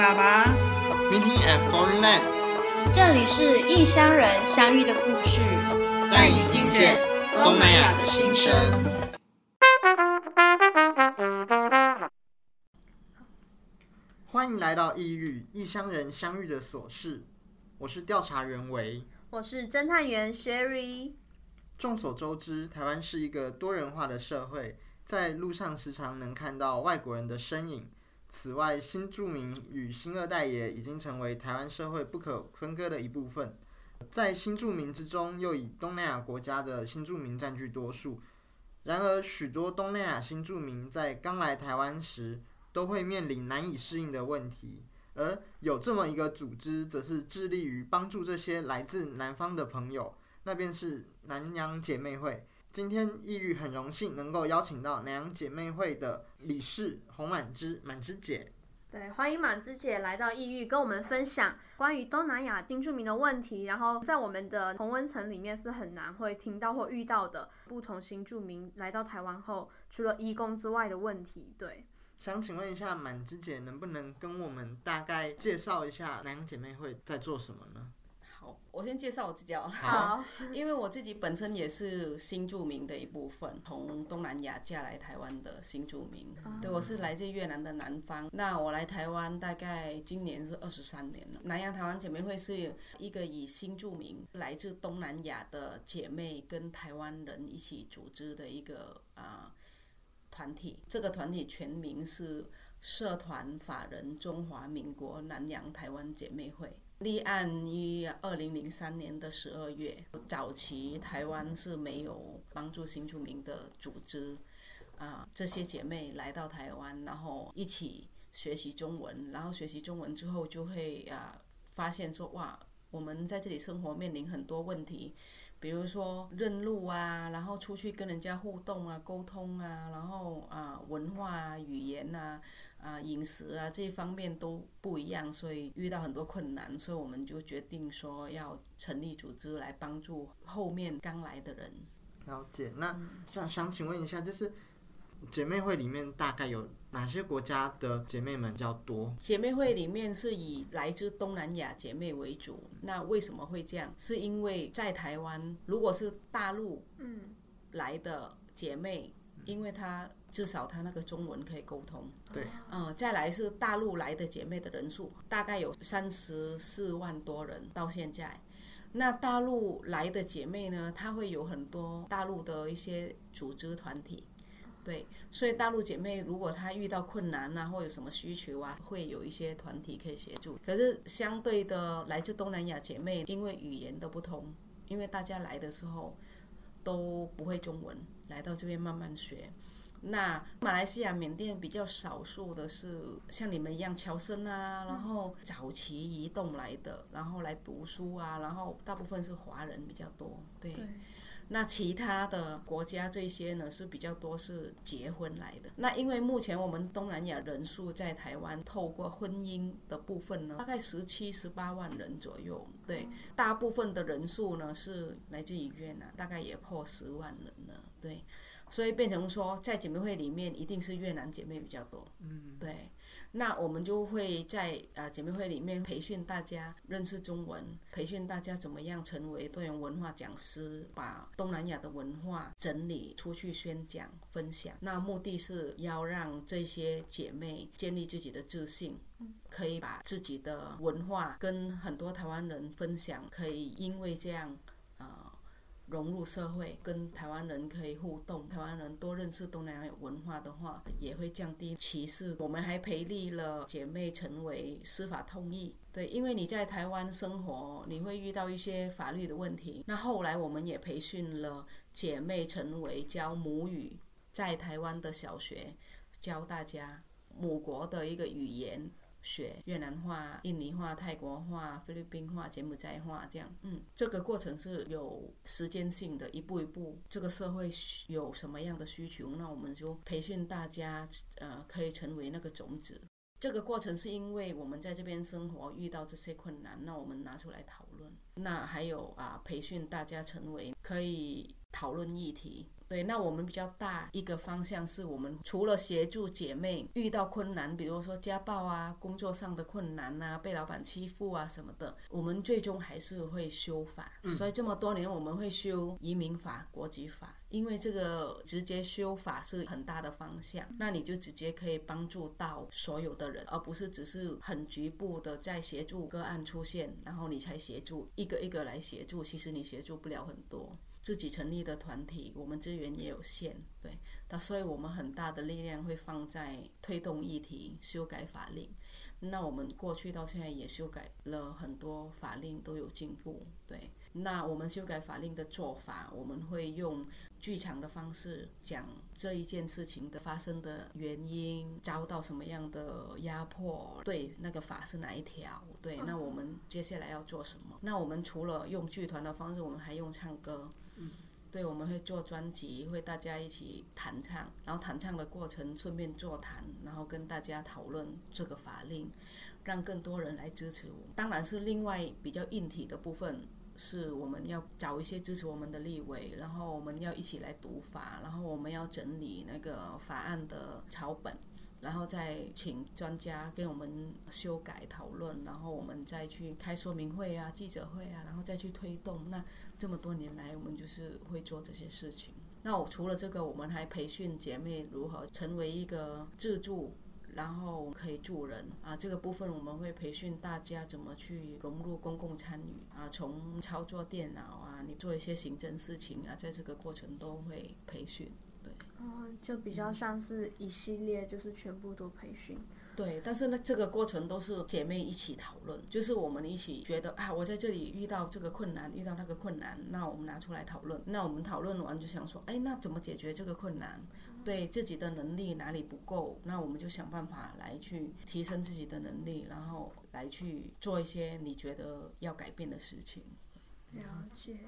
爸爸。Meeting at foreign land。這裡是異鄉人相遇的故事。歡迎聽見東南亞的心聲。歡迎來到異域，異鄉人相遇的瑣事。我是調查員維，我是偵探員 Sherry。眾所周知，台灣是一個多元化的社會，在路上時常能看到外國人的身影。此外，新住民與新二代也已經成為台灣社會不可分割的一部分。在新住民之中，又以東南亞國家的新住民占據多數。然而，許多東南亞新住民在剛來台灣時，都會面臨難以適應的問題。而有這麼一個組織，則是致力於幫助這些來自南方的朋友，那便是南洋姐妹會。今天異域很榮幸能夠邀請到南洋姐妹會的理事洪滿枝滿枝姐。對，歡迎滿枝姐來到異域，跟我們分享關於東南亞新住民的問題。然後在我們的同溫層裡面是很難會聽到或遇到的，不同新住民來到台灣後，除了移工之外的問題。對，想請問一下滿枝姐，能不能跟我們大概介紹一下南洋姐妹會在做什麼呢？好，我先介紹我自己哦。好， 因為我自己本身也是新住民的一部分，從東南亞嫁來台灣的新住民。Oh. 對，我是來自越南的南方。那我來台灣大概今年是二十三年了。南洋台灣姐妹會是一個以新住民來自東南亞的姐妹跟台灣人一起組織的一個啊呃、團體。這個團體全名是社團法人中華民國南洋台灣姐妹會。立案於二零零三年的十二月。早期台灣是沒有幫助新住民的組織，啊，這些姐妹來到台灣，然後一起學習中文，然後學習中文之後就會啊，發現說哇，我們在這裡生活面臨很多問題。比如說認路啊，然後出去跟人家互動啊、溝通啊，然後啊、呃、文化啊、語言吶、啊、啊、呃、飲食啊這一方面都不一樣，所以遇到很多困難，所以我們就決定說要成立組織來幫助後面剛來的人。了解。那想想請問一下，就是姐妹會裡面大概有。哪些國家的姐妹們較多？姐妹會裡面是以來自東南亞姐妹為主。那為什麼會這樣？是因為在台灣，如果是大陸來的姐妹，嗯，因為她至少她那個中文可以溝通。對。嗯，再來是大陸來的姐妹的人數，大概有三十四萬多人到現在。那大陸來的姐妹呢，她會有很多大陸的一些組織團體。對，所以大陸姐妹如果她遇到困難啊，或有什麼需求啊，會有一些團體可以協助。可是相對的，來自東南亞姐妹，因為語言的不同，因為大家來的時候都不會中文，來到這邊慢慢學。那馬來西亞、緬甸比較少數的是像你們一樣僑生啊，嗯、然後早期移動來的，然後來讀書啊，然後大部分是華人比較多。對。對那其他的國家這些呢是比較多是結婚來的。那因為目前我們東南亞人數在台灣，透過婚姻的部分呢，大概十七、十八萬人左右。對，大部分的人數呢是來自於越南，大概也破十萬人了。對，所以變成說在姐妹會裡面，一定是越南姐妹比較多。嗯，對。那我們就會在呃姐妹會裡面培訓大家認識中文，培訓大家怎麼樣成為多元文化講師，把東南亞的文化整理出去宣講分享。那目的是要讓這些姐妹建立自己的自信，可以把自己的文化跟很多台灣人分享，可以因為這樣。融入社會，跟台灣人可以互動。台灣人多認識東南亞文化的話，也會降低歧視。我們還培力了姐妹成為司法通譯，對，因為你在台灣生活，你會遇到一些法律的問題。那後來我們也培訓了姐妹成為教母語，在台灣的小學教大家母國的一個語言。學越南話、印尼話、泰國話、菲律賓話、柬埔寨話，這樣，嗯，這個過程是有時間性的，一步一步，這個社會有什麼樣的需求，那我們就培訓大家，呃，可以成為那個種子。這個過程是因為我們在這邊生活遇到這些困難，那我們拿出來討論。那還有啊，呃，培訓大家成為可以。討論議題，對，那我們比較大一個方向是我們除了協助姐妹遇到困難，比如說家暴啊、工作上的困難啊、被老闆欺負啊什麼的，我們最終還是會修法。所以這麼多年，我們會修移民法、國籍法，因為這個直接修法是很大的方向。那你就直接可以幫助到所有的人，而不是只是很局部的在協助個案出現，然後你才協助一個一個來協助，其實你協助不了很多。自己成立的團體，我們資源也有限，對，那所以我們很大的力量會放在推動議題、修改法令。那我們過去到現在也修改了很多法令，都有進步，對。那我們修改法令的做法，我們會用劇場的方式講這一件事情的發生的原因，遭到什麼樣的壓迫，對，那個法是哪一條，對。那我們接下來要做什麼？那我們除了用劇團的方式，我們還用唱歌。對，我們會做專輯，會大家一起彈唱，然後彈唱的過程順便座談，然後跟大家討論這個法令，讓更多人來支持我們。當然是另外比較硬體的部分，是我們要找一些支持我們的立委，然後我們要一起來讀法，然後我們要整理那個法案的草本。然後再請專家給我們修改討論，然後我們再去開說明會啊、記者會啊，然後再去推動。那這麼多年來，我們就是會做這些事情。那我除了這個，我們還培訓姐妹如何成為一個自助，然後可以助人啊。這個部分我們會培訓大家怎麼去融入公共參與啊，從操作電腦啊，你做一些行政事情啊，在這個過程都會培訓。Oh, 就比較像是一系列，就是全部都培訓。對，但是呢，這個過程都是姐妹一起討論，就是我們一起覺得啊，我在這裡遇到這個困難，遇到那個困難，那我們拿出來討論。那我們討論完就想說，哎，那怎麼解決這個困難？對自己的能力哪裡不夠，那我們就想辦法來去提升自己的能力，然後來去做一些你覺得要改變的事情。了解。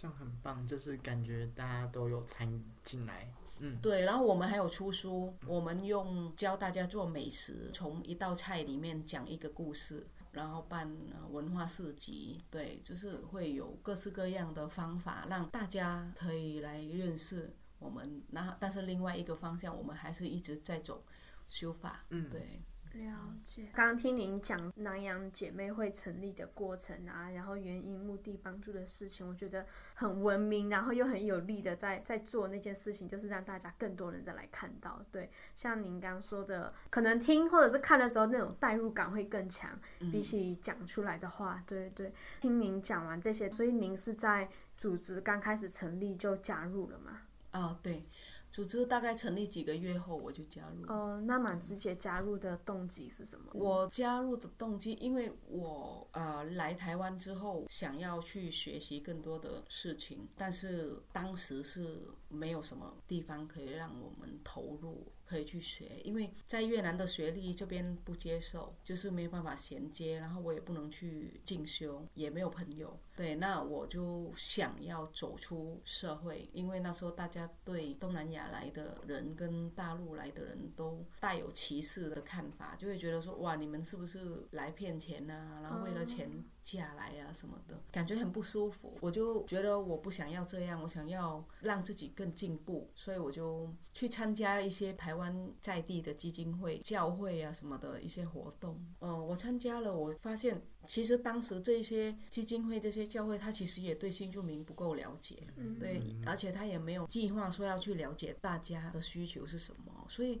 像很棒，就是感覺大家都有參與進來，嗯，對。然後我們還有出書，我們用教大家做美食，嗯、從一道菜裡面講一個故事，然後辦文化市集，對，就是會有各式各樣的方法，讓大家可以來認識我們。那但是另外一個方向，我們還是一直在走修法，嗯，對。了解，剛剛聽您講南洋姐妹會成立的過程啊，然後原因、目的、幫助的事情，我覺得很文明，然後又很有力的在在做那件事情，就是讓大家更多人再來看到。對，像您剛說的，可能聽或者是看的時候那種代入感會更強，比起講出來的話。嗯、對對，聽您講完這些，所以您是在組織剛開始成立就加入了嗎？哦，對。組織大概成立幾個月後，我就加入。呃，那滿枝姐加入的動機是什麼？我加入的動機，因為我呃來台灣之後，想要去學習更多的事情，但是當時是沒有什麼地方可以讓我們投入。可以去學，因為在越南的學歷這邊不接受，就是沒有辦法銜接，然後我也不能去進修，也沒有朋友。對，那我就想要走出社會，因為那時候大家對東南亞來的人跟大陸來的人都帶有歧視的看法，就會覺得說，哇，你們是不是來騙錢呢、啊，然後為了錢。下來呀、啊、什麼的感覺很不舒服，我就覺得我不想要這樣，我想要讓自己更進步，所以我就去參加一些台灣在地的基金會、教會啊什麼的一些活動。呃，我參加了，我發現其實當時這些基金會、這些教會，他其實也對新住民不夠了解，嗯、對，而且他也沒有計劃說要去了解大家的需求是什麼，所以。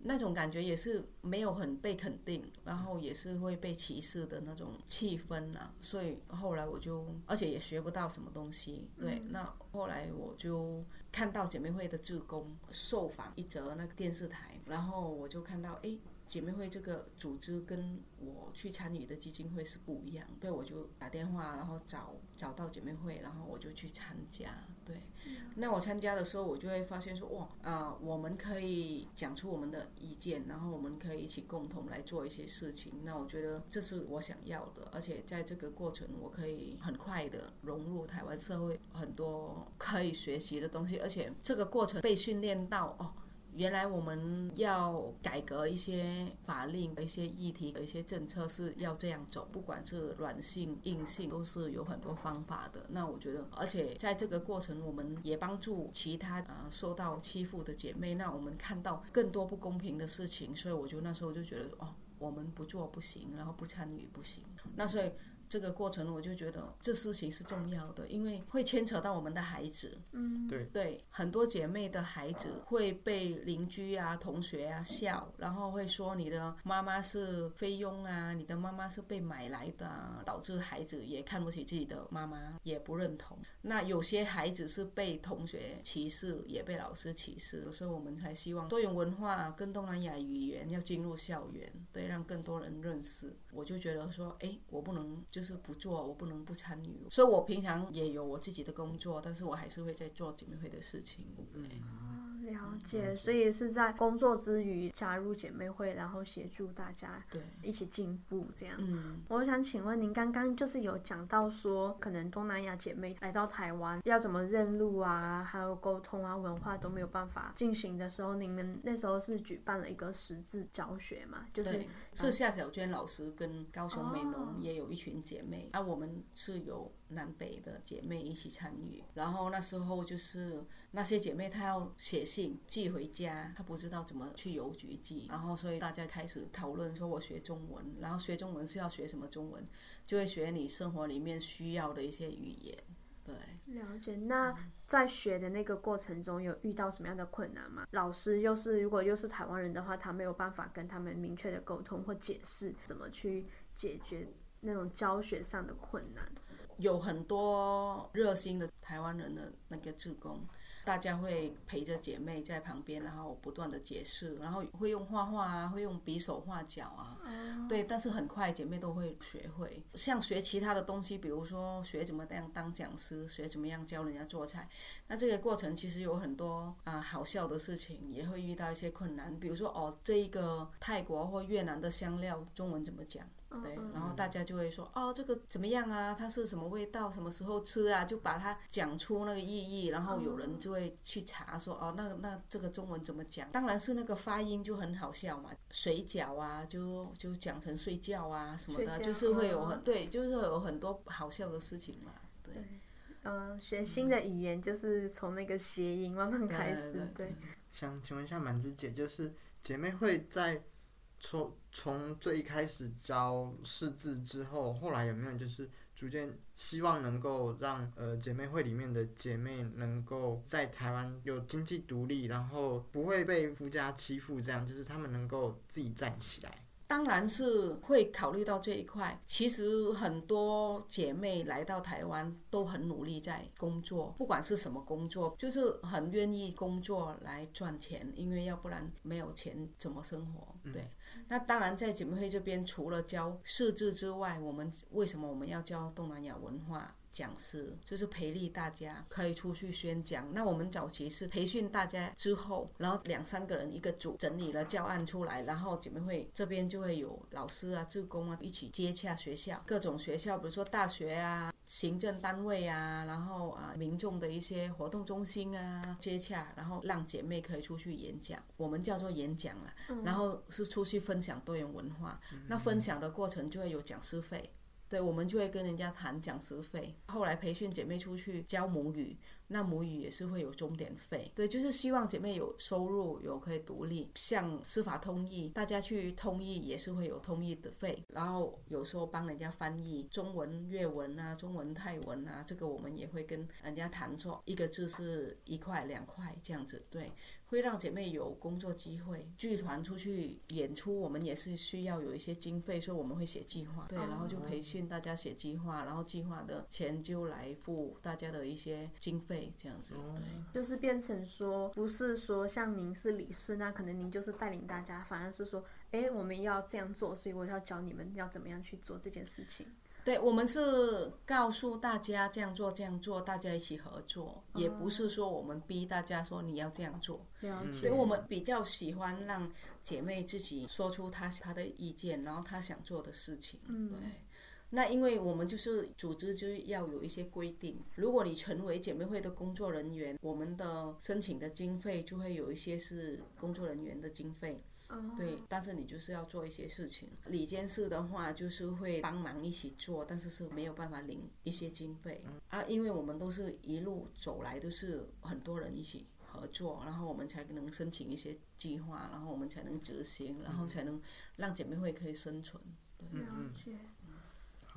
那種感覺也是沒有很被肯定，然後也是會被歧視的那種氣氛吶、啊，所以後來我就，而且也學不到什麼東西。對，那後來我就看到姐妹會的志工受訪一則那個電視台，然後我就看到哎。誒姐妹會這個組織跟我去參與的基金會是不一樣，對，我就打電話，然後找找到姐妹會，然後我就去參加，對。那我參加的時候，我就會發現說，哇，啊，呃，我們可以講出我們的意見，然後我們可以一起共同來做一些事情。那我覺得這是我想要的，而且在這個過程，我可以很快的融入台灣社會，很多可以學習的東西，而且這個過程被訓練到哦。原來我們要改革一些法令，一些議題，有一些政策是要這樣走，不管是軟性，硬性，都是有很多方法的。那我覺得，而且在這個過程，我們也幫助其他呃受到欺負的姐妹，那我們看到更多不公平的事情，所以我就那時候就覺得哦，我們不做不行，然後不參與不行。那所以。這個過程，我就覺得這事情是重要的，因為會牽扯到我們的孩子。嗯，對對，很多姐妹的孩子會被鄰居啊、同學啊笑，然後會說你的媽媽是菲傭啊，你的媽媽是被買來的啊，導致孩子也看不起自己的媽媽，也不認同。那有些孩子是被同學歧視，也被老師歧視，所以我們才希望多元文化啊，跟東南亞語言要進入校園，對，讓更多人認識。我就覺得說，誒，我不能。就是不做，我不能不參與，所以我平常也有我自己的工作，但是我還是會在做總會的事情。對了解，所以是在工作之餘加入姐妹會，然後協助大家，一起進步這樣。嗯，我想請問您，剛剛就是有講到說，可能東南亞姐妹來到台灣要怎麼認路啊，還有溝通啊，文化都沒有辦法進行的時候，你們那時候是舉辦了一個識字教學嘛？就是、對，是夏曉鵑老師跟高雄美濃也有一群姐妹，而、哦啊、我們是有。南北的姐妹一起參與，然後那時候就是那些姐妹她要寫信寄回家，她不知道怎麼去郵局寄，然後所以大家開始討論說：“我學中文，然後學中文是要學什麼中文？”就會學你生活裡面需要的一些語言。對，了解。那在學的那個過程中有遇到什麼樣的困難嗎？老師又是如果又是台灣人的話，他沒有辦法跟他們明確的溝通或解釋怎麼去解決那種教學上的困難。有很多熱心的台灣人的那個志工，大家會陪着姐妹在旁邊，然後不斷的解釋，然後會用畫畫啊，會用比手畫腳啊，對，但是很快姐妹都會學會。像學其他的東西，比如說學怎麼樣當講師，學怎麼樣教人家做菜，那這個過程其實有很多啊好笑的事情，也會遇到一些困難，比如說哦，這一個泰國或越南的香料中文怎麼講？對，然後大家就會說、嗯、哦，這個怎麼樣啊？它是什麼味道？什麼時候吃啊？就把它講出那個意義，然後有人就會去查說、嗯、哦，那那這個中文怎麼講？當然是那個發音就很好笑嘛，水餃啊，就就講成睡覺啊什麼的，覺就是會有很、哦、對，就是有很多好笑的事情嘛。對，嗯，嗯學新的語言就是從那個諧音慢慢開始。對，對，對，對，對想請問一下滿枝姐，就是姐妹會在。從從最一開始教識字之後，後來有沒有就是逐漸希望能夠讓呃姐妹會裡面的姐妹能夠在台灣有經濟獨立，然後不會被夫家欺負，這樣就是她們能夠自己站起來。當然是會考慮到這一塊。其實很多姐妹來到台灣都很努力在工作，不管是什麼工作，就是很願意工作來賺錢，因為要不然沒有錢怎麼生活？嗯、對。那當然，在姐妹會這邊，除了教識字之外，我們為什麼我們要教東南亞文化？講師就是培力大家可以出去宣講。那我們早期是培訓大家之後，然後兩三個人一個組整理了教案出來，然後姐妹會這邊就會有老師啊、志工啊一起接洽學校各種學校，比如說大學啊、行政單位啊，然後啊民眾的一些活動中心啊接洽，然後讓姐妹可以出去演講，我們叫做演講了。然後是出去分享多元文化，嗯、那分享的過程就會有講師費。對，我們就會跟人家談講師費，後來培訓姐妹出去教母語。那母語也是會有鐘點費，對，就是希望姐妹有收入，有可以獨立。像司法通譯，大家去通譯也是會有通譯的費，然後有時候幫人家翻譯中文、越文啊，中文泰文啊，這個我們也會跟人家談說，一個字是一塊兩塊這樣子，對，會讓姐妹有工作機會。劇團出去演出，我們也是需要有一些經費，所以我們會寫計劃，對，然後就培訓大家寫計劃，然後計劃的錢就來付大家的一些經費。對，這樣子，嗯、對，就是變成說，不是說像您是理事，那可能您就是帶領大家，反而是說，哎，我們要這樣做，所以我要教你們要怎麼樣去做這件事情。對，我們是告訴大家這樣做，這樣做，大家一起合作，嗯、也不是說我們逼大家說你要這樣做。啊、了解、對，所以我們比較喜歡讓姐妹自己說出她她的意見，然後她想做的事情。嗯，對。那因為我們就是組織，就是要有一些規定。如果你成為姐妹會的工作人員，我們的申請的經費就會有一些是工作人員的經費。Oh. 對，但是你就是要做一些事情。理監事的話，就是會幫忙一起做，但是是沒有辦法領一些經費。啊，因為我們都是一路走來，都是很多人一起合作，然後我們才能申請一些計劃，然後我們才能執行，然後才能讓姐妹會可以生存。嗯嗯。Mm hmm.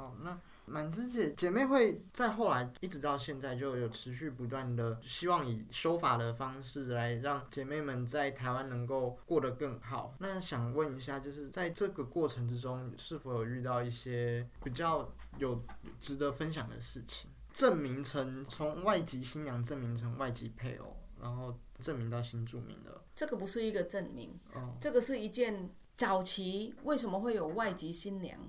哦，那滿枝姐姐妹會在後來一直到現在就有持續不斷的希望以修法的方式來讓姐妹們在台灣能夠過得更好。那想問一下，就是在這個過程之中是否有遇到一些比較有值得分享的事情？證明成從外籍新娘證明成外籍配偶，然後證明到新住民的。這個不是一個證明，哦，這個是一件早期為什麼會有外籍新娘？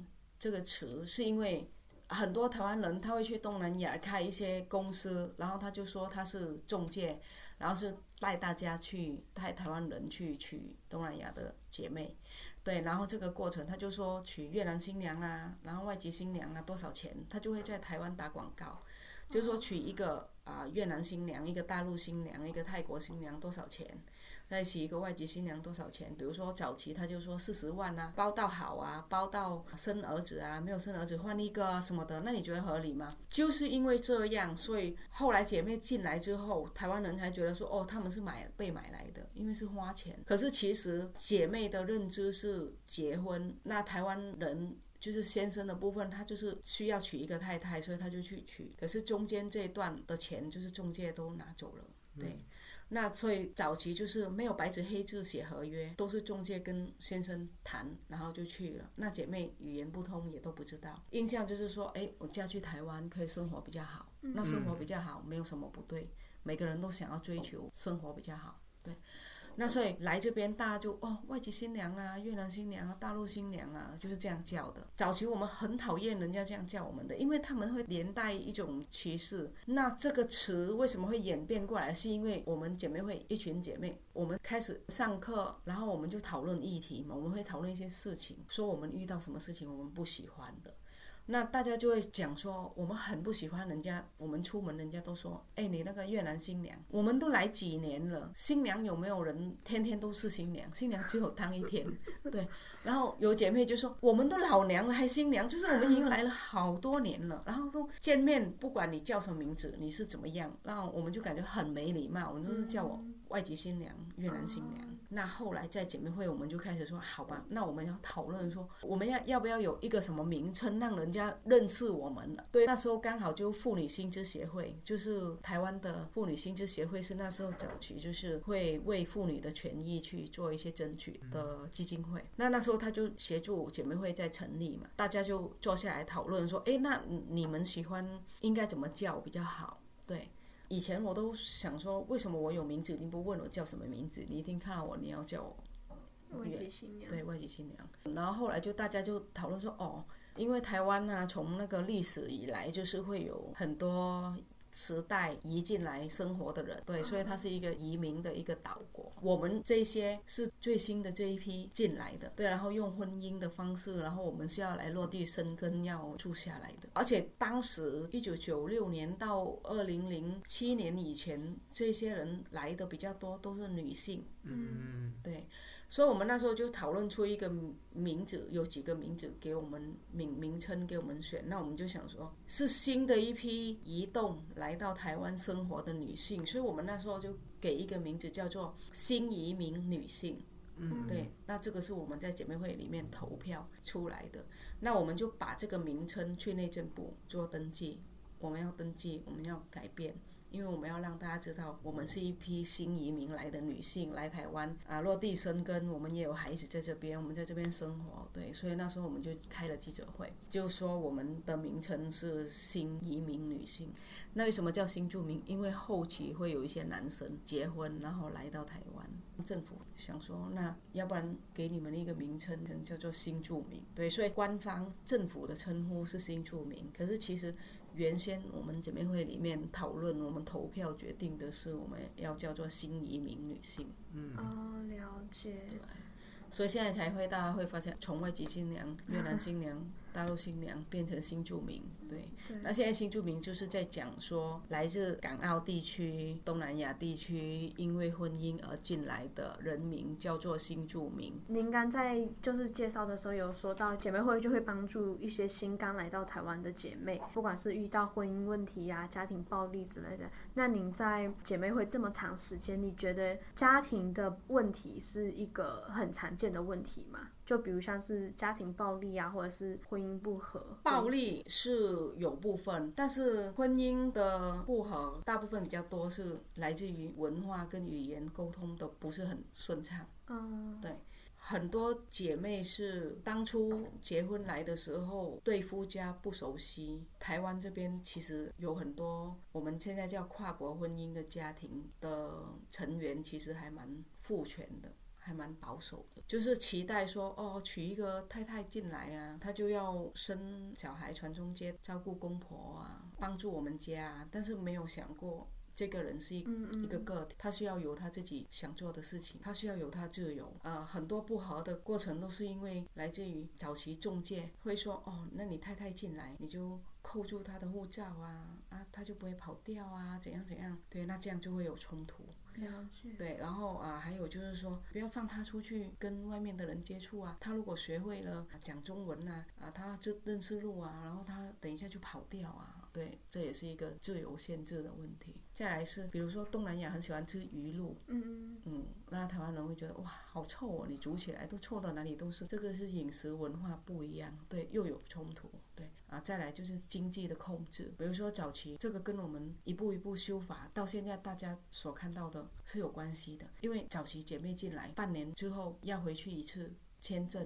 這個詞是因為很多台灣人他會去東南亞開一些公司，然後他就說他是仲介，然後是帶大家去帶台灣人去娶東南亞的姐妹，對，然後這個過程他就說娶越南新娘啊，然後外籍新娘啊，多少錢？他就會在台灣打廣告，就是說娶一個啊，呃、越南新娘，一個大陸新娘、一個泰國新娘，多少錢？一起，那一個外籍新娘多少錢？比如說早期他就說四十萬啊，包到好啊，包到生兒子啊，沒有生兒子換一個啊什麼的，那你覺得合理嗎？就是因為這樣，所以後來姐妹進來之後，台灣人才覺得說，哦，他們是買被買來的，因為是花錢。可是其實姐妹的認知是結婚，那台灣人就是先生的部分，他就是需要娶一個太太，所以他就去娶。可是中間這一段的錢就是中介都拿走了，對。嗯那所以早期就是沒有白紙黑字寫合約，都是中介跟先生談，然後就去了。那姐妹語言不通也都不知道，印象就是說，哎，我嫁去台灣可以生活比較好，那生活比較好沒有什麼不對，嗯、每個人都想要追求生活比較好，對。那所以來這邊大家就哦，外籍新娘啊，越南新娘啊，大陸新娘啊，就是這樣叫的。早期我們很討厭人家這樣叫我們的，因為他們會連帶一種歧視。那這個詞為什麼會演變過來？是因為我們姐妹會一群姐妹，我們開始上課，然後我們就討論議題嘛，我們會討論一些事情，說我們遇到什麼事情我們不喜歡的。那大家就會講說，我們很不喜歡人家。我們出門，人家都說：“哎、欸，你那個越南新娘。”我們都來幾年了，新娘有沒有人天天都是新娘？新娘只有當一天，對。然後有姐妹就說：“我們都老娘了，還新娘，就是我們已經來了好多年了。啊”然後都見面，不管你叫什麼名字，你是怎麼樣，然後我們就感覺很沒禮貌。我們都是叫我外籍新娘、越南新娘。那後來在姐妹會，我們就開始說，好吧，那我們要討論說，我們要要不要有一個什麼名稱，讓人家認識我們了？對，那時候剛好就婦女新知協會，就是台灣的婦女新知協會是那時候早期，就是會為婦女的權益去做一些爭取的基金會。那那時候他就協助姐妹會在成立嘛，大家就坐下來討論說，哎，那你們喜歡應該怎麼叫比較好？對。以前我都想說，為什麼我有名字，你不問我叫什麼名字？你一定看到我，你要叫我外籍新娘。對，外籍新娘。然後後來就大家就討論說，哦，因為台灣呢，啊，從那個歷史以來，就是會有很多。時代移進來生活的人，對，所以他是一個移民的一個島國。我們這些是最新的這一批進來的，對，然後用婚姻的方式，然後我們是要來落地生根、要住下來的。而且當時一九九六年到二零零七年以前，這些人來的比較多，都是女性，嗯，對。所以我們那時候就討論出一個名字，有幾個名字給我們名名稱給我們選。那我們就想說，是新的一批移動來到台灣生活的女性，所以我們那時候就給一個名字叫做“新移民女性” mm，嗯，hmm，對。那這個是我們在姐妹會裡面投票出來的。那我們就把這個名稱去內政部做登記，我們要登記，我們要改變。因為我們要讓大家知道，我們是一批新移民來的女性來台灣啊，落地生根，我們也有孩子在這邊，我們在這邊生活，對，所以那時候我們就開了記者會，就說我們的名稱是新移民女性。那為什麼叫新住民？因為後期會有一些男生結婚，然後來到台灣，政府想說，那要不然給你們一個名稱，可能叫做新住民，對，所以官方政府的稱呼是新住民，可是其實。原先我們姐妹會裡面討論，我們投票決定的是我們要叫做新移民女性。嗯，哦、嗯，了解。對，所以現在才會大家會發現，從外籍新娘、越南新娘。嗯大陸新娘變成新住民，對，對。那現在新住民就是在講說，來自港澳地區、東南亞地區，因為婚姻而進來的人名叫做新住民。您剛在就是介紹的時候有說到，姐妹會就會幫助一些新剛來到台灣的姐妹，不管是遇到婚姻問題呀、啊、家庭暴力之類的。那您在姐妹會這麼長時間，你覺得家庭的問題是一個很常見的問題嗎？就比如像是家庭暴力啊，或者是婚姻不和。暴力是有部分，但是婚姻的不和大部分比較多是來自於文化跟語言溝通的不是很順暢。嗯，對，很多姐妹是當初結婚來的時候對夫家不熟悉。台灣這邊其實有很多我們現在叫跨國婚姻的家庭的成員，其實還蠻父權的。還蠻保守的，就是期待說哦，娶一個太太進來啊，她就要生小孩傳宗接，照顧公婆啊，幫助我們家。啊。但是沒有想過這個人是一一個個體，他、嗯嗯、需要有他自己想做的事情，他需要有他自由。呃，很多不和的過程都是因為來自於早期中介會說哦，那你太太進來，你就扣住他的護照啊，啊，他就不會跑掉啊，怎樣怎樣。對，那這樣就會有衝突。對，然後啊，還有就是說，不要放他出去跟外面的人接觸啊。他如果學會了講中文吶，啊，啊，他就認識路啊，然後他等一下就跑掉啊。對，這也是一個自由限制的問題。再來是，比如說東南亞很喜歡吃魚露，嗯嗯，那台灣人會覺得哇，好臭哦！你煮起來都臭到哪裡都是，這個是飲食文化不一樣，對，又有衝突，對。啊，再來就是經濟的控制，比如說早期這個跟我們一步一步修法到現在大家所看到的是有關係的，因為早期姐妹進來半年之後要回去一次。簽證，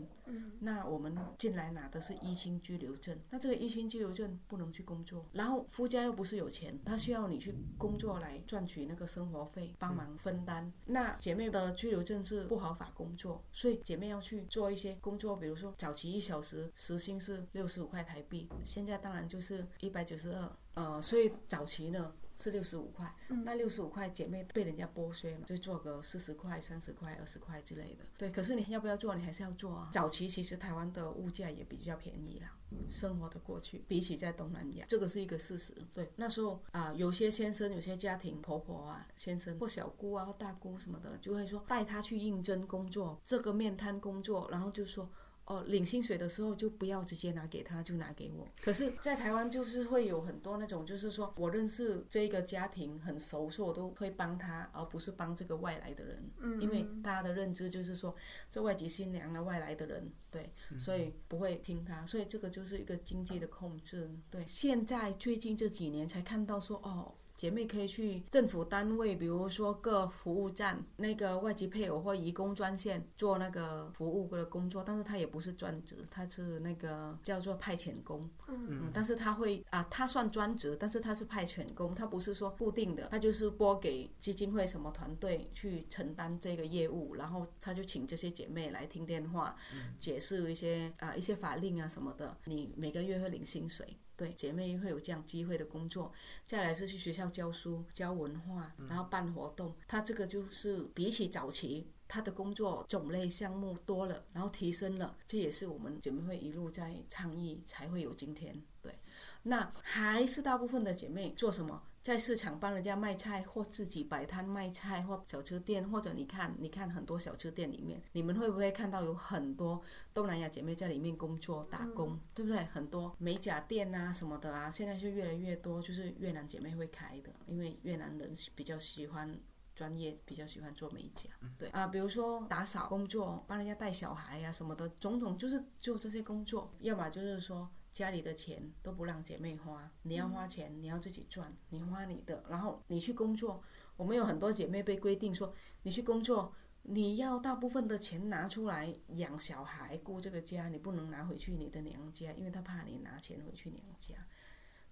那我們進來拿的是依親居留證，那這個依親居留證不能去工作，然後夫家又不是有錢，他需要你去工作來賺取那個生活費，幫忙分擔。那姐妹的居留證是不合法工作，所以姐妹要去做一些工作，比如說早期一小時時薪是六十五塊台幣，現在當然就是一百九十二，呃，所以早期呢，是六十五塊，那六十五塊姐妹被人家剝削嘛，就做個四十塊、三十塊、二十塊之類的。對，可是你要不要做，你還是要做啊。早期其實台灣的物價也比較便宜啊，生活的過去比起在東南亞，這個是一個事實。對，那時候啊、呃，有些先生、有些家庭婆婆啊，先生或小姑啊、或大姑什麼的，就會說帶她去應徵工作，這個麵攤工作，然後就說。哦，領薪水的時候就不要直接拿給他，就拿給我。可是，在台灣就是會有很多那種，就是說我認識這個家庭很熟，所以我都會幫他，而不是幫這個外來的人。嗯，因為大家的認知就是說，這外籍新娘啊，外來的人，對，所以不會聽他，所以這個就是一個經濟的控制。嗯，對，現在最近這幾年才看到說，哦。姐妹可以去政府單位，比如說各服務站、那個外籍配偶或移工專線做那個服務的工作，但是她也不是專職，她是那個叫做派遣工。嗯嗯。但是她會啊，她算專職，但是她是派遣工，她不是說固定的，她就是撥給基金會什麼團隊去承擔這個業務，然後她就請這些姐妹來聽電話，解釋一些啊一些法令啊什麼的，你每個月會領薪水。對，姐妹會有這樣機會的工作，再來是去學校教書、教文化，然後辦活動。嗯。她這個就是比起早期，她的工作種類項目多了，然後提升了。這也是我們姐妹會一路在倡議，才會有今天。對。那還是大部分的姐妹做什麼？在市場幫人家賣菜，或自己擺攤賣菜，或小吃店，或者你看，你看很多小吃店裡面，你們會不會看到有很多東南亞姐妹在裡面工作打工，嗯、對不對？很多美甲店啊什麼的啊，現在就越來越多，就是越南姐妹會開的，因為越南人比較喜歡專業，比較喜歡做美甲。對、嗯、啊，比如說打掃工作，幫人家帶小孩呀、啊、什麼的，種種就是做這些工作，要麼就是說。家裡的錢都不讓姐妹花，你要花錢，你要自己賺，嗯、你花你的。然後你去工作，我們有很多姐妹被規定說，你去工作，你要大部分的錢拿出來養小孩、顧這個家，你不能拿回去你的娘家，因為她怕你拿錢回去娘家。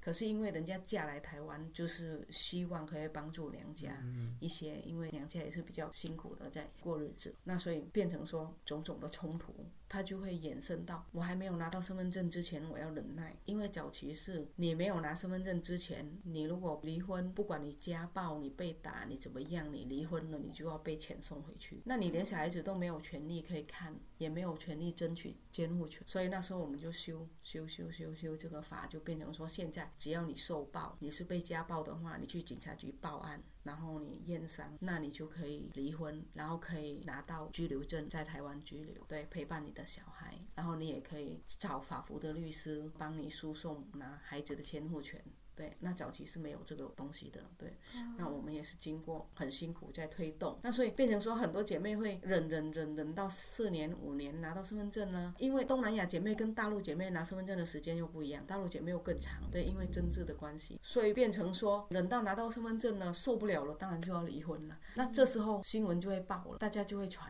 可是因為人家嫁來台灣，就是希望可以幫助娘家一些，嗯嗯，因為娘家也是比較辛苦的在過日子，那所以變成說種種的衝突。他就會衍生到，我還沒有拿到身份證之前，我要忍耐，因為早期是你沒有拿身份證之前，你如果離婚，不管你家暴、你被打、你怎麼樣，你離婚了，你就要被遣送回去，那你連小孩子都沒有權利可以看，也沒有權利爭取監護權，所以那時候我們就修修修修修這個法，就變成說現在只要你受暴，你是被家暴的話，你去警察局報案。然後你驗傷，那你就可以離婚，然後可以拿到居留證，在台灣居留，對，陪伴你的小孩，然後你也可以找法扶的律師幫你訴訟拿孩子的監護權。對，那早期是沒有這個東西的。對，那我們也是經過很辛苦在推動，那所以變成說很多姐妹會忍忍忍忍到四年五年拿到身份證呢，因為東南亞姐妹跟大陸姐妹拿身份證的時間又不一樣，大陸姐妹又更長，對，因為政治的關係，所以變成說忍到拿到身份證呢，受不了了，當然就要離婚了。那這時候新聞就會爆了，大家就會傳。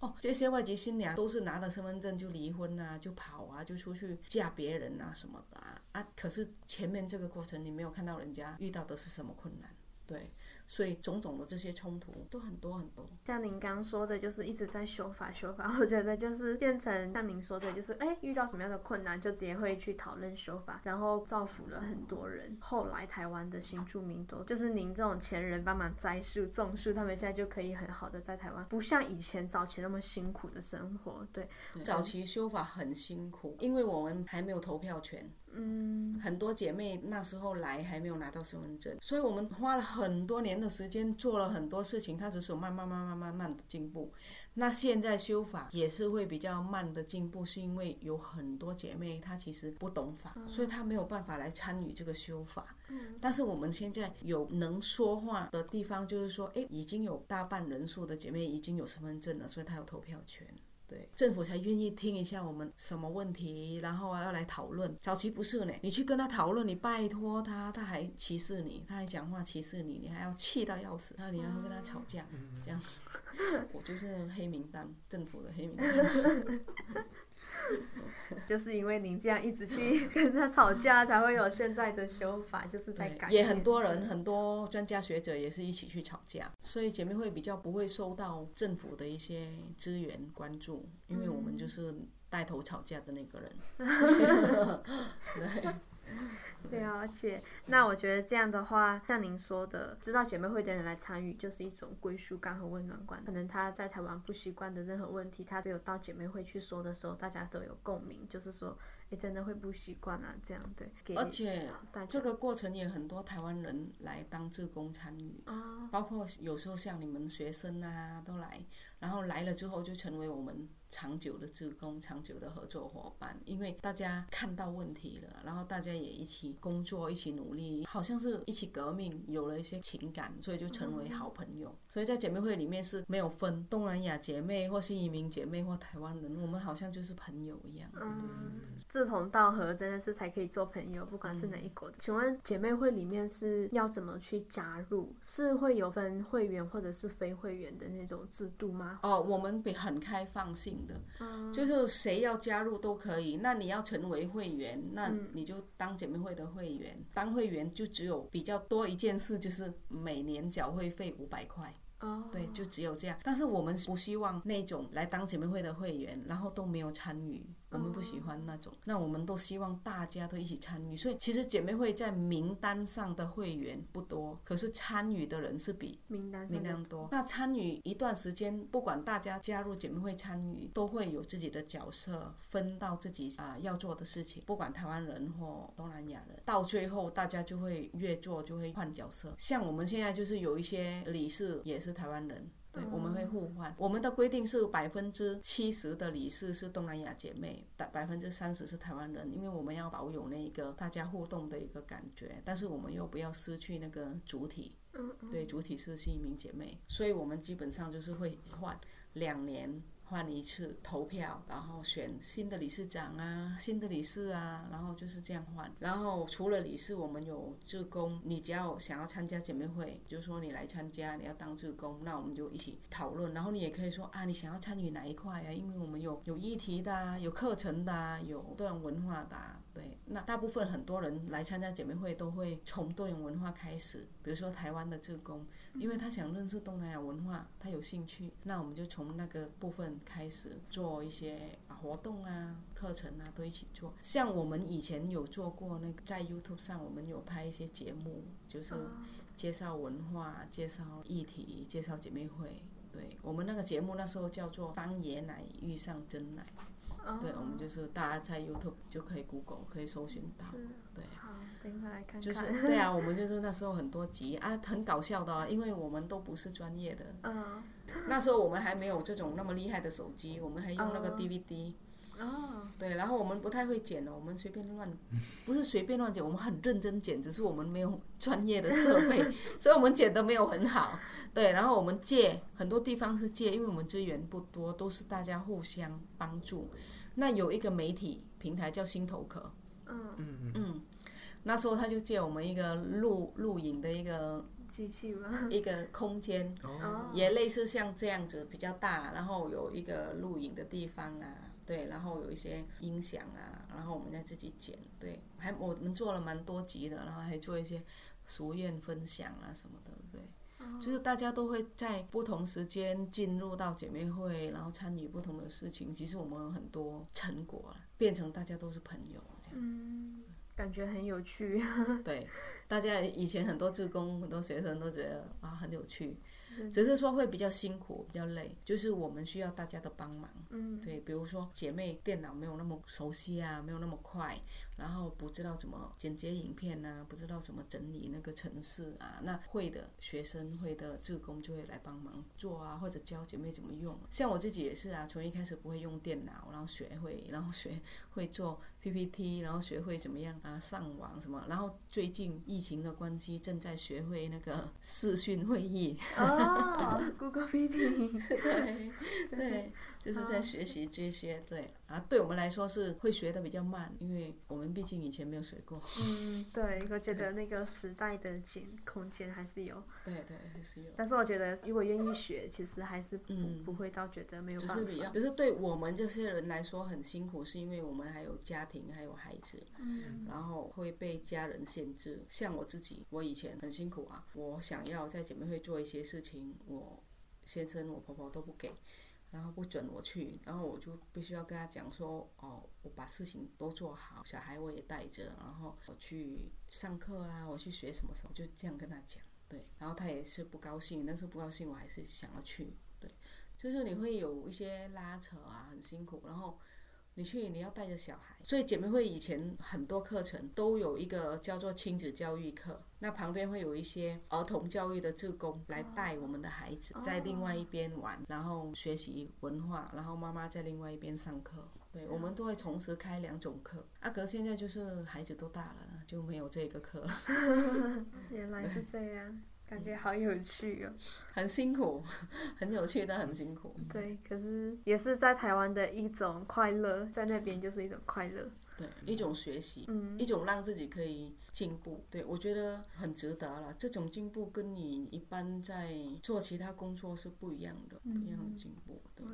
哦，這些外籍新娘都是拿着身份證就離婚啊，就跑啊，就出去嫁別人啊什麼的啊，啊。可是前面這個過程，你沒有看到人家遇到的是什麼困難，對。所以種種的這些衝突都很多很多，像您剛剛說的，就是一直在修法修法。我覺得就是變成像您說的，就是哎、欸，遇到什麼樣的困難就直接會去討論修法，然後造福了很多人。後來台灣的新住民多，就是您這種前人幫忙栽樹種樹，他們現在就可以很好的在台灣，不像以前早期那麼辛苦的生活。對，早期修法很辛苦，因為我們還沒有投票權。嗯，很多姐妹那時候來還沒有拿到身份證，所以我們花了很多年。的時間做了很多事情，他只是有慢慢慢慢慢慢的進步。那現在修法也是會比較慢的進步，是因為有很多姐妹她其實不懂法，嗯、所以她沒有辦法來參與這個修法。嗯、但是我們現在有能說話的地方，就是說，誒、欸，已經有大半人數的姐妹已經有身份證了，所以她有投票權。對，政府才願意聽一下我們什麼問題，然後要來討論。早期不是呢，你去跟他討論，你拜托他，他還歧視你，他還講話歧視你，你還要氣到要死，然後你要跟他吵架，啊、這樣，我就是黑名單， 政府的黑名單。 就是因為您這樣一直去跟他吵架，才會有現在的修法，就是在改。也很多人，很多專家學者也是一起去吵架，所以姐妹會比較不會受到政府的一些資源關注，因為我們就是帶頭吵架的那個人。 對。對啊，那我覺得這樣的話，像您說的，知道姐妹會的人來參與，就是一種歸屬感和溫暖感。可能他在台灣不習慣的任何問題，他只有到姐妹會去說的時候，大家都有共鳴，就是說。也、欸、真的會不習慣啊，這樣對。而且家這個過程也很多台灣人來當志工參與，啊，包括有時候像你們學生啊都來，然後來了之後就成為我們長久的志工、長久的合作夥伴。因為大家看到問題了，然後大家也一起工作、一起努力，好像是一起革命，有了一些情感，所以就成為好朋友。嗯、所以在姐妹會裡面是沒有分東南亞姐妹或是移民姐妹或台灣人，我們好像就是朋友一樣。嗯。志同道合真的是才可以做朋友，不管是哪一國的。嗯、請問姐妹會裡面是要怎麼去加入？是會有分會員或者是非會員的那種制度嗎？哦，oh, 我們比很開放性的，oh. 就是誰要加入都可以。那你要成為會員，那你就當姐妹會的會員。嗯、當會員就只有比較多一件事，就是每年繳會費五百塊。哦，oh. 對，就只有這樣。但是我們不希望那種來當姐妹會的會員，然後都沒有參與。 我們不喜歡那種，那我們都希望大家都一起參與。所以其實姐妹會在名單上的會員不多，可是參與的人是比名單沒那麼多。那參與一段時間，不管大家加入姐妹會參與，都會有自己的角色，分到自己啊、呃、要做的事情。不管台灣人或東南亞人，到最後大家就會越做就會換角色。像我們現在就是有一些理事也是台灣人。對，我們會互換。我們的規定是百分之七十的理事是東南亞姐妹，百分之三十是台灣人。因為我們要保有那一個大家互動的一個感覺，但是我們又不要失去那個主體。對，主體是是移民姐妹，所以我們基本上就是會換兩年。換一次投票，然後選新的理事長啊，新的理事啊，然後就是這樣換。然後除了理事，我們有志工，你只要想要參加姐妹會，就說你來參加，你要當志工，那我們就一起討論。然後你也可以說啊，你想要參與哪一塊啊？因為我們有有議題的、啊，有課程的、啊，有多樣文化的、啊。對，那大部分很多人來參加姐妹會都會從多元文化開始，比如說台灣的志工，因為他想認識東南亞文化，他有興趣，那我們就從那個部分開始做一些活動啊、課程啊，都一起做。像我們以前有做過那個在 YouTube 上，我們有拍一些節目，就是介紹文化、介紹議題、介紹姐妹會。對，我們那個節目那時候叫做“當爺奶遇上真奶”。Oh. 對，我們就是大家在 YouTube 就可以 Google 可以搜尋到，是對，好，等一下來看看，就是對啊，我們就是那時候很多集啊，很搞笑的、哦，因為我們都不是專業的，oh. 那時候我們還沒有這種那麼厲害的手機，oh. 我們還用那個 DVD。哦，oh. 對，然後我們不太會剪哦，我們隨便亂，不是隨便亂剪，我們很認真剪，只是我們沒有專業的設備， 所以我們剪得沒有很好。對，然後我們借很多地方是借，因為我們資源不多，都是大家互相幫助。那有一個媒體平台叫“新頭殼”，嗯嗯嗯，那時候他就借我們一個錄錄影的一個機器吧，一個空間，oh. 也類似像這樣子比較大，然後有一個錄影的地方啊。對，然後有一些音響啊，然後我們再自己剪，對，還我們做了蠻多集的，然後還做一些熟宴分享啊什麼的，對，哦、就是大家都會在不同時間進入到姐妹會，然後參與不同的事情。其實我們有很多成果、啊，變成大家都是朋友這樣，嗯、對感覺很有趣、啊。對，大家以前很多志工、很多學生都覺得啊，很有趣。只是說會比較辛苦，比較累，就是我們需要大家的幫忙。嗯，對，比如說姐妹電腦沒有那麼熟悉啊，沒有那麼快。.然後不知道怎麼剪接影片吶、啊，不知道怎麼整理那個程式啊。那會的學生會的志工就會來幫忙做啊，或者教姐妹怎麼用。像我自己也是啊，從一開始不會用電腦，然後學會，然後學會做 PPT，然後學會怎麼樣啊上網什麼。然後最近疫情的關係，正在學會那個視訊會議。哦、oh,，Google PT 對對。對對。就是在學習這些，oh. 對啊，對我們來說是會學得比較慢，因為我們畢竟以前沒有學過。嗯，對，我覺得那個時代的間空間還是有。對對，對，還是有。但是我覺得，如果願意學，其實還是不嗯不會到覺得沒有辦法。只是比較，吧只是對我們這些人來說很辛苦，是因為我們還有家庭，還有孩子，嗯，然後會被家人限制。像我自己，我以前很辛苦啊，我想要在姐妹會做一些事情，我先生、我婆婆都不給。然後不准我去，然後我就必須要跟他講說，哦，我把事情都做好，小孩我也帶着，然後我去上課啊，我去學什麼什麼，就這樣跟他講，對，然後他也是不高興，但是不高興我還是想要去，對，就是你會有一些拉扯啊，很辛苦，然後。你去，你要帶着小孩，所以姐妹會以前很多課程都有一個叫做親子教育課，那旁邊會有一些兒童教育的志工來帶我們的孩子在另外一邊玩，然後學習文化，然後媽媽在另外一邊上課。對，我們都會同時開兩種課。阿哥現在就是孩子都大了，就沒有這個課了。 原來是這樣。感覺好有趣哦、喔，很辛苦，很有趣，但很辛苦。 對，可是也是在台灣的一種快樂，在那邊就是一種快樂。對，一種學習，嗯、一種讓自己可以進步。對，我覺得很值得了。這種進步跟你一般在做其他工作是不一樣的，嗯嗯，不一樣的進步，對。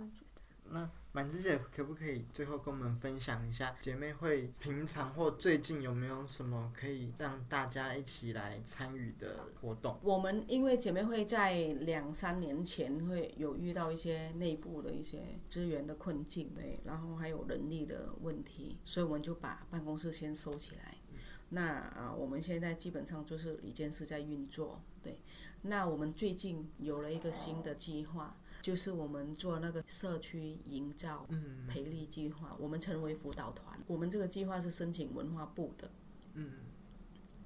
那滿枝姐可不可以最後跟我們分享一下，姐妹會平常或最近有沒有什麼可以讓大家一起來參與的活動？我們因為姐妹會在兩三年前會有遇到一些內部的一些資源的困境，對，然後還有人力的問題，所以我們就把辦公室先收起來。嗯、那啊，我們現在基本上就是一件事在運作，對。那我們最近有了一個新的計劃。就是我們做那個社區營造，嗯，培力計劃，嗯，我們成為輔導團，我們這個計劃是申請文化部的，嗯。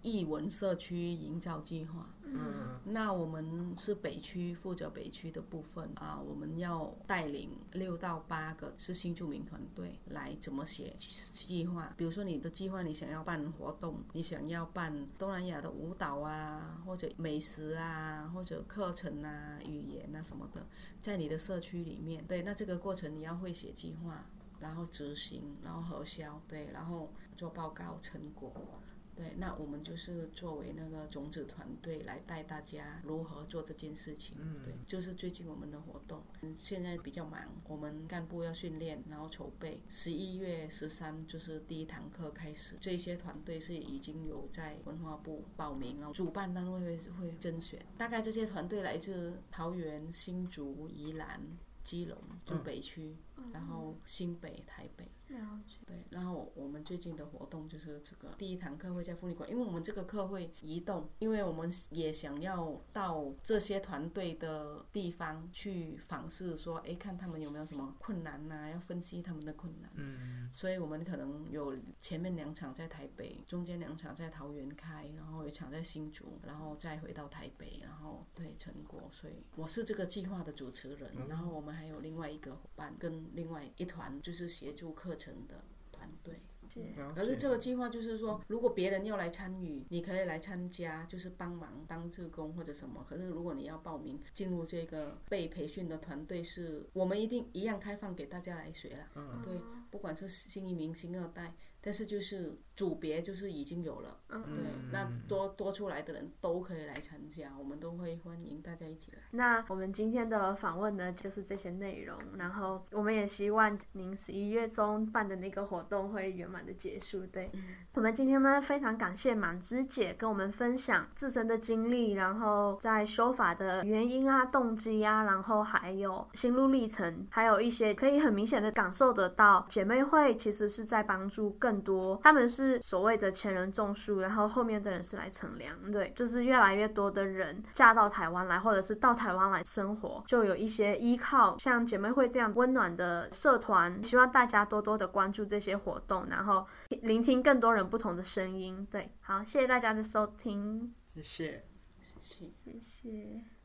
藝文社區營造計劃。嗯，那我們是北區負責北區的部分啊。我們要帶領六到八個是新住民團隊來怎麼寫計劃？比如說你的計劃，你想要辦活動，你想要辦東南亞的舞蹈啊，或者美食啊，或者課程啊、語言啊什麼的，在你的社區裡面。對，那這個過程你要會寫計劃，然後執行，然後核銷，對，然後做報告成果。對，那我們就是作為那個種子團隊來帶大家如何做這件事情？嗯，對，就是最近我們的活動，現在比較忙，我們幹部要訓練，然後籌備十一月十三，就是第一堂課開始。這些團隊是已經有在文化部報名了，然後主辦單位會會甄選。大概這些團隊來自桃園、新竹、宜蘭、基隆、中北區，然後新北、台北。了解。對，然後我們最近的活動就是這個第一堂課會在福利館，因為我們這個課會移動，因為我們也想要到這些團隊的地方去訪視，說哎，看他們有沒有什麼困難吶、啊，要分析他們的困難。嗯嗯，所以我們可能有前面兩場在台北，中間兩場在桃園開，然後有一場在新竹，然後再回到台北，然後對成果。所以我是這個計劃的主持人，然後我們還有另外一個夥伴跟另外一團，就是協助課。成的團隊，Okay. 可是這個計劃就是說，如果別人要來參與，你可以來參加，就是幫忙當志工或者什麼。可是如果你要報名進入這個被培訓的團隊，是我們一定一樣開放給大家來學了。Okay. 對，不管是新移民、新二代，但是就是。組別就是已經有了，oh. 對，那多多出來的人都可以來參加，我們都會歡迎大家一起來。那我們今天的訪問呢，就是這些內容，然後我們也希望您十一月中辦的那個活動會圓滿的結束。對 我們今天呢，非常感謝滿枝姐跟我們分享自身的經歷，然後在修法的原因啊、動機啊，然後還有心路歷程，還有一些可以很明顯的感受得到，姐妹會其實是在幫助更多，他們是。所謂的前人種樹，然後後面的人是來乘涼，對，就是越來越多的人嫁到台灣來，或者是到台灣來生活，就有一些依靠像姐妹會這樣溫暖的社團，希望大家多多的關注這些活動，然後聆聽更多人不同的聲音，對，好，謝謝大家的收聽，謝謝，謝謝，謝謝。